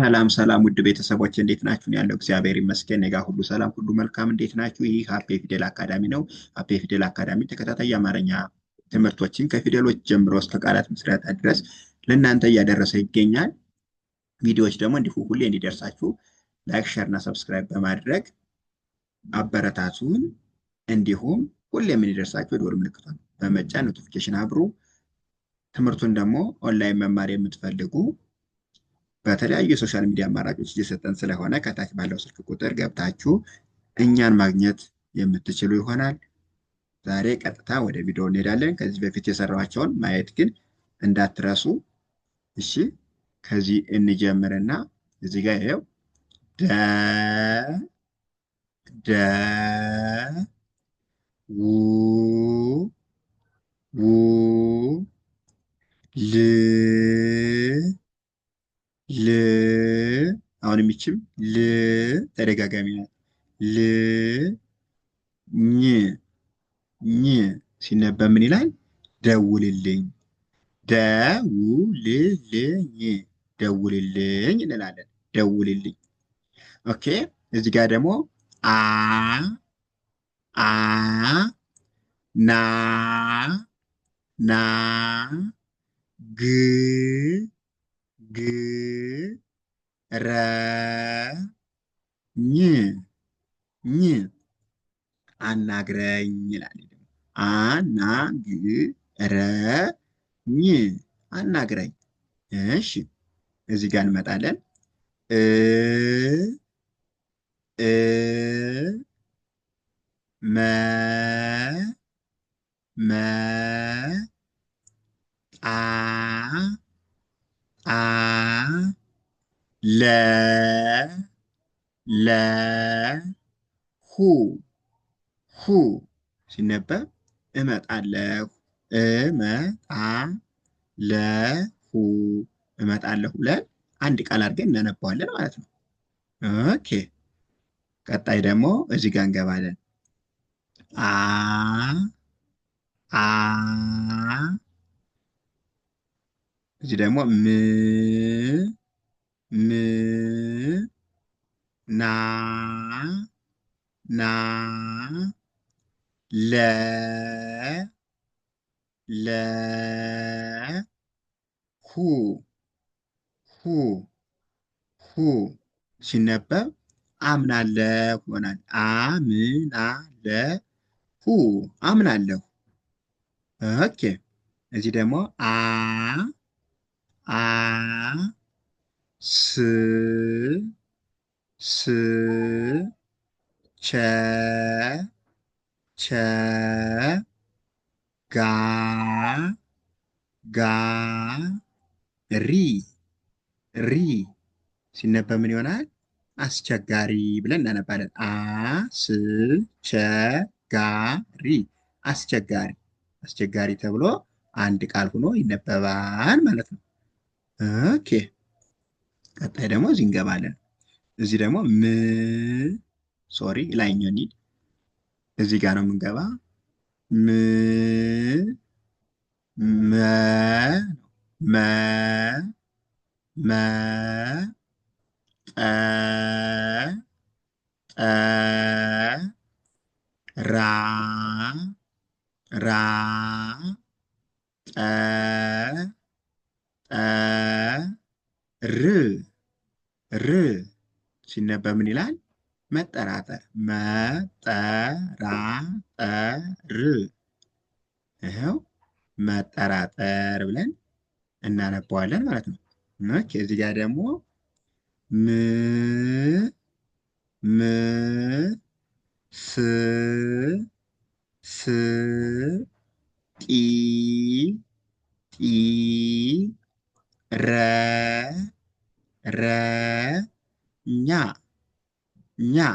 ሰላም ሰላም ውድ ቤተሰቦች እንዴት ናችሁ? ያለው እግዚአብሔር ይመስገን ኔጋ ሁሉ ሰላም ሁሉ መልካም። እንዴት ናችሁ? ይህ ሀፔ ፊደል አካዳሚ ነው። ሀፔ ፊደል አካዳሚ ተከታታይ የአማርኛ ትምህርቶችን ከፊደሎች ጀምሮ እስከ ቃላት ምስረታ ድረስ ለእናንተ እያደረሰ ይገኛል። ቪዲዮዎች ደግሞ እንዲሁ ሁሌ እንዲደርሳችሁ ላይክ፣ ሸር እና ሰብስክራይብ በማድረግ አበረታቱን። እንዲሁም ሁሌም እንዲደርሳችሁ የደወል ምልክቷን በመጫን ኖቲፊኬሽን አብሩ። ትምህርቱን ደግሞ ኦንላይን መማር የምትፈልጉ በተለያዩ የሶሻል ሚዲያ አማራጮች እየሰጠን ስለሆነ ከታች ባለው ስልክ ቁጥር ገብታችሁ እኛን ማግኘት የምትችሉ ይሆናል። ዛሬ ቀጥታ ወደ ቪዲዮ እንሄዳለን። ከዚህ በፊት የሰራኋቸውን ማየት ግን እንዳትረሱ እሺ። ከዚህ እንጀምርና እዚህ ጋር ይኸው ደ ደ ው ው ል ል አሁን የሚችም ል ተደጋጋሚ ናት። ል ኝ ኝ ሲነበብ ምን ይላል? ደውልልኝ ደውልልኝ ደውልልኝ እንላለን። ደውልልኝ። ኦኬ እዚህ ጋር ደግሞ አ አ ና ና ግ ግ ረ ኝ ኝ አናግረኝ ይላል። አናግረኝ አናግረኝ። እሺ እዚህ ጋር እንመጣለን። እ እ መ መ ጣ አ ለ ለ ሁ ሁ ሲነበብ እመጣለሁ እመጣለሁ እመጣለሁ ብለን አንድ ቃል አድርገን እናነባዋለን ማለት ነው። ኦኬ ቀጣይ ደግሞ እዚህ ጋር እንገባለን። አ አ እዚህ ደግሞ ም ም ና ና ለ ለ ሁ ሁ ሁ ሲነበብ አምናለሁ ይሆናል። አምናለሁ አምናለሁ። ኦኬ እዚህ ደግሞ አ አ ስ ስ ቸ ቸ ጋ ጋ ሪ ሪ ሲነበብ ምን ይሆናል? አስቸጋሪ ብለን እናነባለን። አ ስ ቸ ጋ ሪ አስቸጋሪ አስቸጋሪ ተብሎ አንድ ቃል ሆኖ ይነበባል ማለት ነው። ኦኬ ቀጣይ ደግሞ እዚህ እንገባለን። እዚህ ደግሞ ም ሶሪ ላይኛው ኒድ እዚህ ጋር ነው የምንገባ። ም መ መ መ ምን ይላል? መጠራጠር መጠራጠር ይኸው መጠራጠር ብለን እናነባዋለን ማለት ነው። ኦኬ እዚህ ጋር ደግሞ ም ም ስ ስ ጢ ጢ ረ ረ ኛ ኛ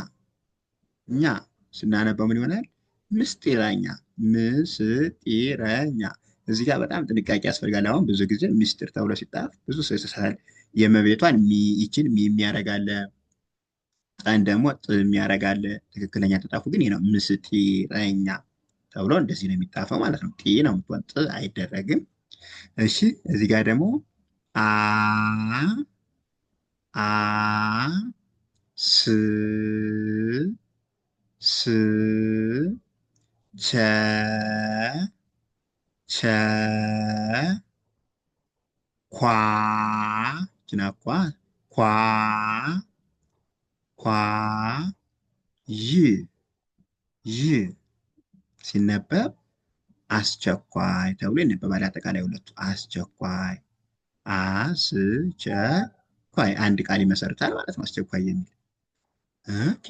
ኛ ስናነበው ምን ይሆናል? ምስጢረኛ ምስጢረኛ። እዚህ ጋር በጣም ጥንቃቄ ያስፈልጋል። አሁን ብዙ ጊዜ ምስጢር ተብሎ ሲጣፍ ብዙ ሰው ይሰሳል። የመቤቷን ሚ ይችን ሚ የሚያረጋለ ጣን ደግሞ ጥ የሚያረጋለ ትክክለኛ ተጣፉ ግን ነው። ምስጢረኛ ተብሎ እንደዚህ ነው የሚጣፈው ማለት ነው። ጢ ነው የምትሆን ጥ አይደረግም። እሺ እዚህ ጋር ደግሞ አ አ ስ አስቸኳይ ተብሎ ይነበባል። አጠቃላይ ሁለቱ አስቸኳይ አስቸኳይ አንድ ቃል ይመሰርታል ማለት ነው። አስቸኳይ የሚል ኦኬ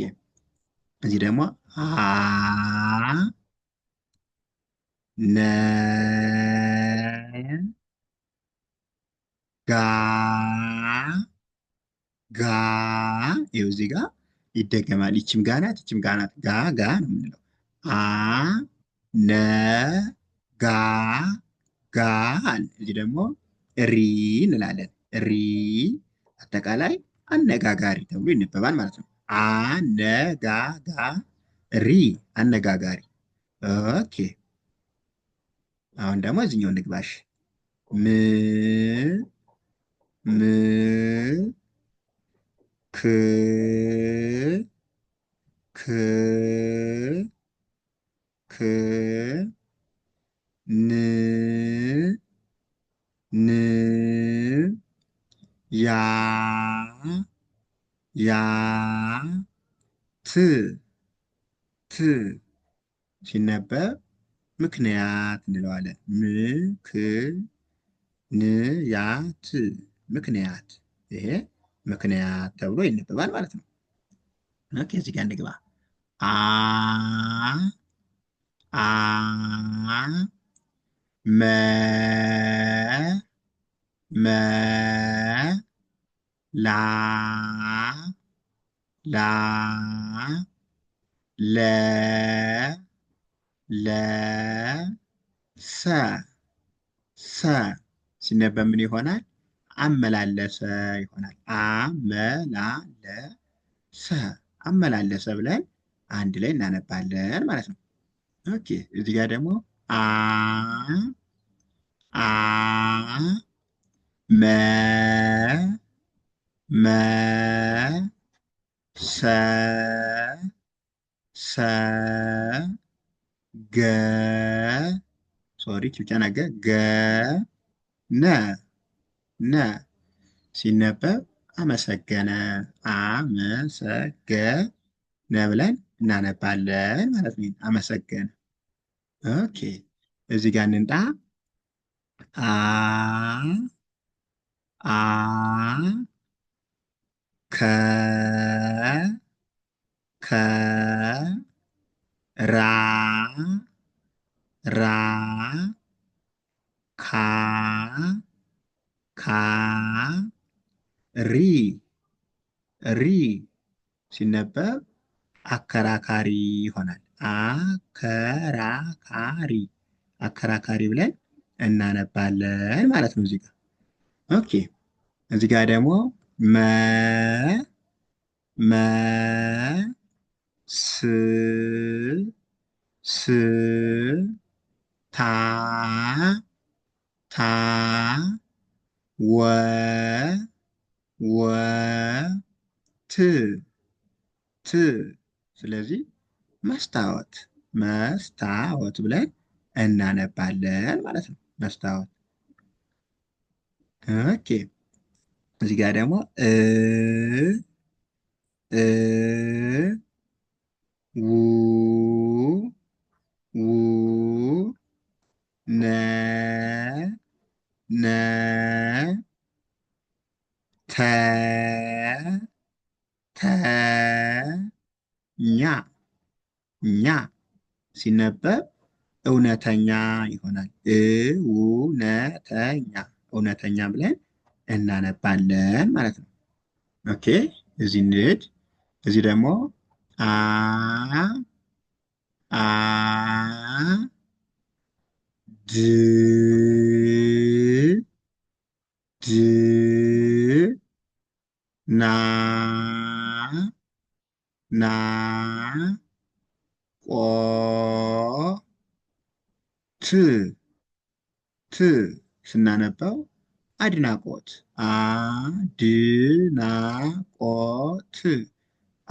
እዚህ ደግሞ አ ነ ጋ ጋ ይኸው እዚህ ጋ ይደገማል። ይችም ጋ ናት፣ ይችም ጋ ናት። ጋ ጋ ነው የምንለው። አ ነ ጋ ጋ አለ። እዚህ ደግሞ ሪ እንላለን። ሪ አጠቃላይ አነጋጋሪ ተብሎ ይነበባል ማለት ነው። አነጋጋሪ አነጋጋሪ። ኦኬ አሁን ደግሞ እዚኛው ንግባሽ ም ም ክ ክ ክ ን ን ያ ያ ት ሲነበብ ምክንያት እንለዋለን። ምክንያት ምክንያት ይሄ ምክንያት ተብሎ ይነበባል ማለት ነው። እዚህ ጋር እንግባ። አ አ መ መ ላ ላ ለ ለ ሰ ሰ ሲነበብ ምን ይሆናል? አመላለሰ ይሆናል። አመላለሰ አመላለሰ ብለን አንድ ላይ እናነባለን ማለት ነው። ኦኬ እዚህ ጋር ደግሞ አ አ መ መ ሰ ሰ ገ ሶሪ ጭብጨናገ ገ ነ ነ ሲነበብ አመሰገነ አመሰገነ ብለን እናነባለን ማለት ነው። አመሰገነ። ኦኬ እዚህ ጋር እንምጣ። አ አ ከ ከ ራ ራ ካ ካ ሪ ሪ ሲነበብ አከራካሪ ይሆናል። አከራካሪ አከራካሪ ብለን እናነባለን ማለት ነው። እዚህ ኦኬ። እዚህ ጋ ደግሞ መ መ ስ ስ ታ ታ ወ ወ ት ት ስለዚህ መስታወት መስታወት ብለን እናነባለን ማለት ነው። መስታወት ኦኬ እዚህ ጋር ደግሞ እ እ ው ው ነ ነ ተ ተ ኛ ኛ ሲነበብ እውነተኛ ይሆናል። እውነተኛ እውነተኛ ብለን እናነባለን ማለት ነው። ኦኬ እዚህ እንሂድ። እዚህ ደግሞ አ አ ድ ድ ና ና ቆ ት ት ስናነባው አድናቆት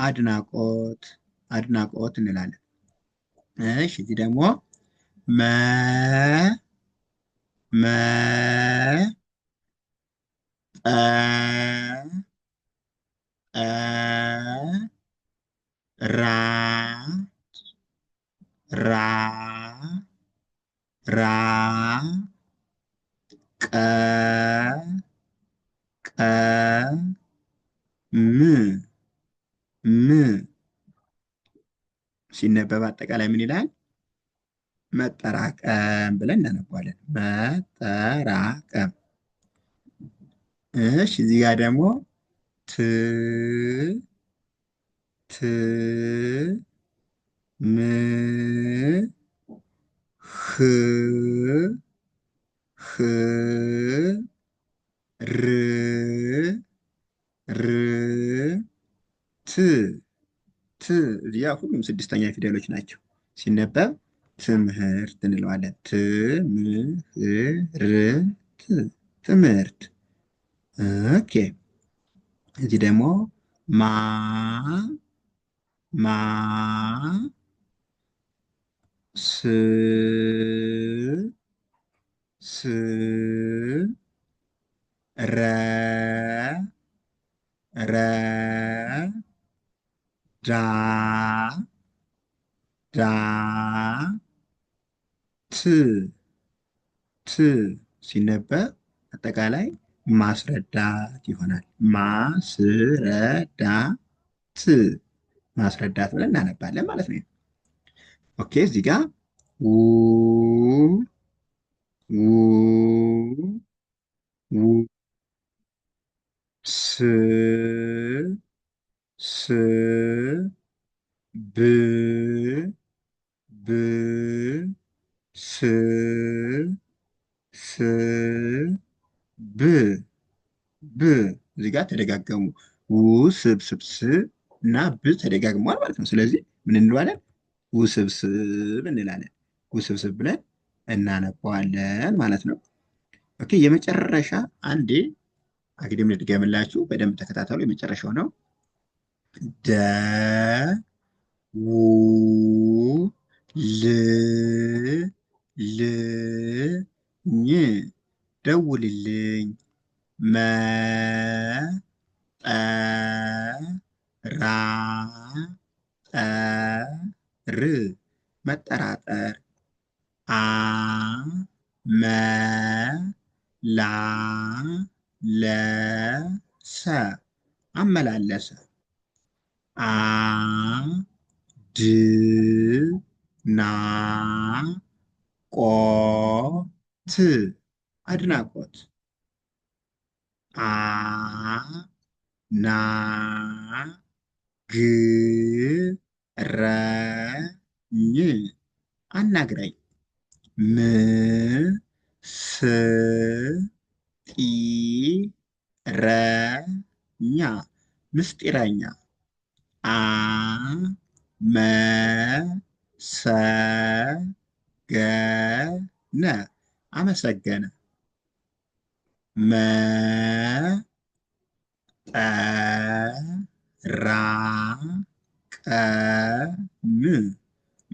አድናቆት አድናቆት አድናቆት እንላለን። እሺ እዚህ ደግሞ መ መ ራ ራ ራ ቀ ም ም ሲነበብ አጠቃላይ ምን ይላል? መጠራቀም ብለን እናነባለን። መጠራቀም። እሺ እዚህ ጋር ደግሞ ት ት ም ህ ህ ር ር ት ት እዚያ ሁሉም ስድስተኛ ፊደሎች ናቸው። ሲነበብ ትምህርት እንለዋለን። ትምህርት ትምህርት። ኦኬ እዚህ ደግሞ ማ ማ ስ ስ ረ Raa, jaa, jaa, tsii, tsii, tsii, tsii, tsii, tsii, tsii, tsii, tsii, tsii, tsii, tsii, Mas tsii, tsii, tsii, tsii, tsii, tsii, tsii, tsii, tsii, U, tsii, tsii, ብ ብ ስ ስ ብ ብ እዚህ ጋር ተደጋገሙ። ውስብስብ ስ እና ብ ተደጋግመዋል ማለት ነው። ስለዚህ ምን እንለዋለን? ውስብስብ እንላለን። ውስብስብ ብለን እናነባዋለን ማለት ነው። ኦኬ የመጨረሻ አንዴ አግድም ልድገምላችሁ፣ በደንብ ተከታተሉ። የመጨረሻው ነው። ደ ው ል ል ኝ ደውልልኝ መ ጠ ራ ጠ ር መጠራጠር አ መ ላ ለ ሰ አመላለሰ አ ድ ና ቆ ት አድናቆት አ ና ግ ረ ኝ አናግራኝ ም ስ ጢ ረ ኛ ምስጢራኛ አመሰገነ አመሰገነ መጠራቀም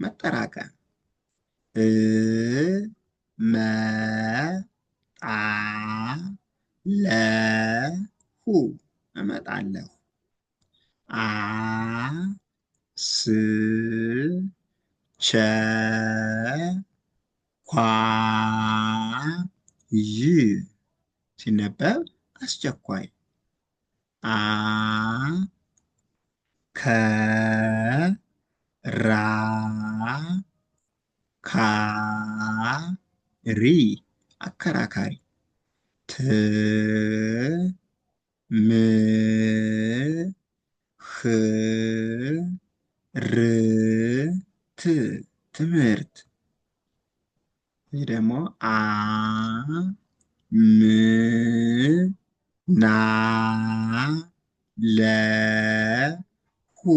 መጠራቀም እመጣለሁ እመጣለሁ አ ስ ቸ ኳ ይ ሲነበብ አስቸኳይ አ ከ ራ ካ ሪ አከራካሪ ት ም ክርት ትምህርት ይህ ደግሞ አ ም ና ለ ሁ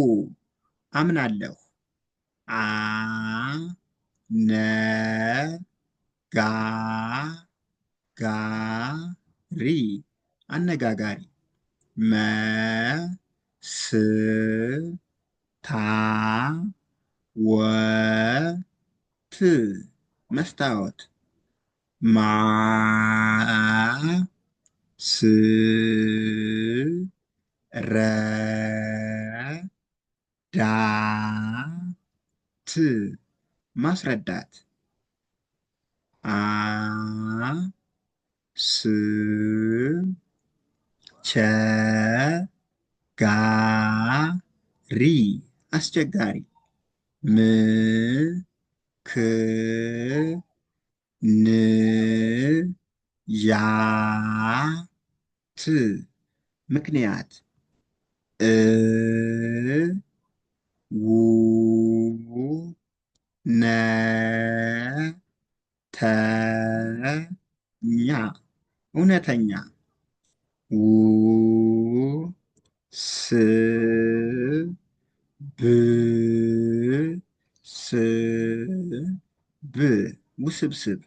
አምናለሁ አ ነ ጋ ሪ አነጋጋሪ መ ስ ታ ወ ት መስታወት ማ ስ ረ ዳ ት ማስረዳት አ ስ ቸ ጋሪ አስቸጋሪ ም ክ ን ያ ት ምክንያት እ ው ነ ተ ኛ እውነተኛ ው ስ ብ ስ ብ ውስብስብ።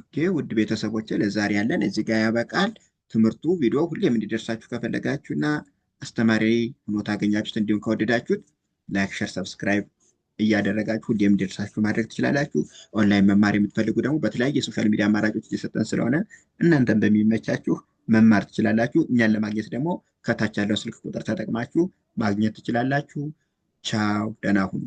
ኦኬ ውድ ቤተሰቦች ለዛሬ ያለን እዚህ ጋር ያበቃል። ትምህርቱ ቪዲዮ ሁሌም እንዲደርሳችሁ ከፈለጋችሁና አስተማሪ ሆኖ ታገኛችሁት እንዲሁም ከወደዳችሁት ላይክ፣ ሸር፣ ሰብስክራይብ እያደረጋችሁ ሁሌም እንዲደርሳችሁ ማድረግ ትችላላችሁ። ኦንላይን መማር የምትፈልጉ ደግሞ በተለያየ የሶሻል ሚዲያ አማራጮች እየሰጠን ስለሆነ እናንተን በሚመቻችሁ መማር ትችላላችሁ። እኛን ለማግኘት ደግሞ ከታች ያለው ስልክ ቁጥር ተጠቅማችሁ ማግኘት ትችላላችሁ። ቻው፣ ደህና ሁኑ።